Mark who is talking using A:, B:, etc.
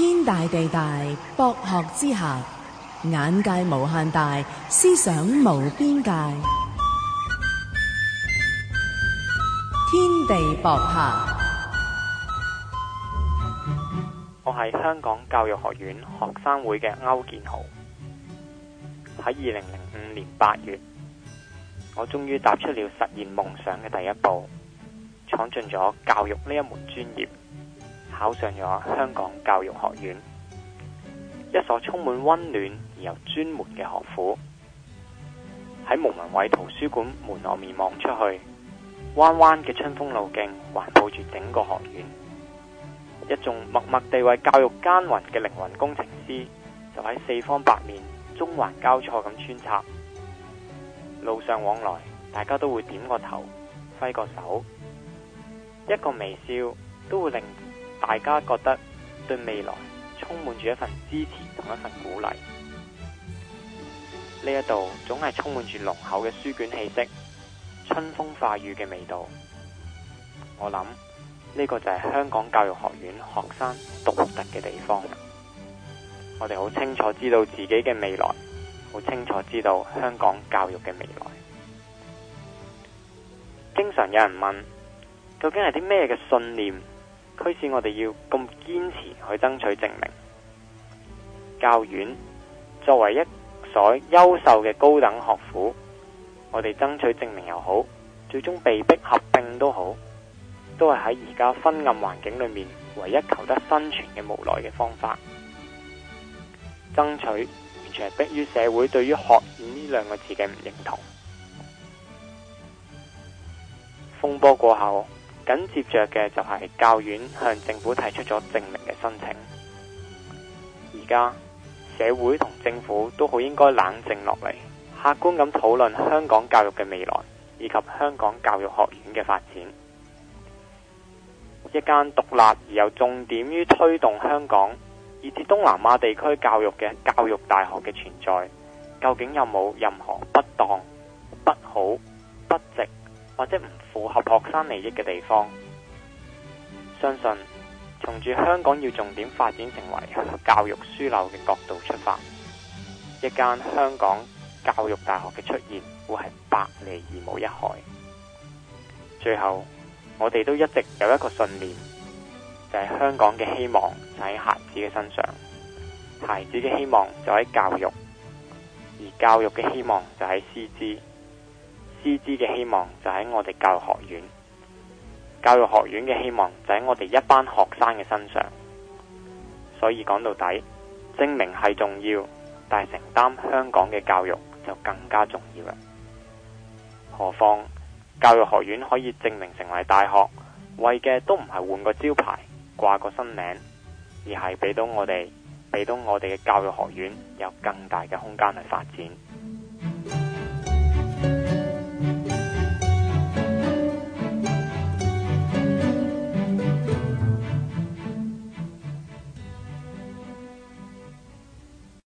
A: 天大地大，博學之下，眼界無限大，思想無邊界。天地博客，我係香港教育學院學生會嘅區健豪。喺二零零五年八月，我終於踏出了實現夢想嘅第一步，闖進咗教育呢一門專業。考上咗香港教育學院，一所充滿溫暖而又專門嘅學府。喺蒙民偉圖書館門外面望出去，彎彎嘅春風路徑環抱住整個學院。一眾默默地為教育耕耘嘅靈魂工程師，就喺四方八面、中環交錯咁穿插。路上往來，大家都會點個頭、揮個手，一個微笑都會令大家覺得對未來充滿住一份支持同一份鼓勵，呢一度總係充滿住濃厚嘅書卷氣息、春風化雨嘅味道。我諗呢個就係香港教育學院學生獨特嘅地方。我哋好清楚知道自己嘅未來，好清楚知道香港教育嘅未來。經常有人問，究竟係啲咩嘅信念？驅使我哋要咁堅持去爭取證明，教院作為一所優秀嘅高等學府，我哋爭取證明又好，最終被逼合併都好，都係喺而家昏暗環境裏面唯一求得生存嘅無奈嘅方法。爭取完全係迫於社會對於學院呢兩個字嘅唔認同。風波過後。緊接著嘅就係教院向政府提出咗正名嘅申請，而家社會同政府都好應該冷靜落嚟，客觀咁討論香港教育嘅未來以及香港教育學院嘅發展。一間獨立而又重點於推動香港以至東南亞地區教育嘅教育大學嘅存在，究竟有冇任何不當、不好、不值？或者唔符合學生利益嘅地方，相信從住香港要重點發展成為教育樞紐嘅角度出發，一間香港教育大學嘅出現，會係百利而無一害。最後，我哋都一直有一個信念，就係香港嘅希望就喺孩子嘅身上，孩子嘅希望就喺教育，而教育嘅希望就喺師資。師資嘅希望就喺我哋教育學院，教育學院嘅希望就喺我哋一班學生嘅身上。所以講到底，正名係重要，但係承擔香港嘅教育就更加重要啦。何況教育學院可以正名成為大學，為嘅都唔係換個招牌掛個新名，而係俾到我哋俾到我哋嘅教育學院有更大嘅空間去發展。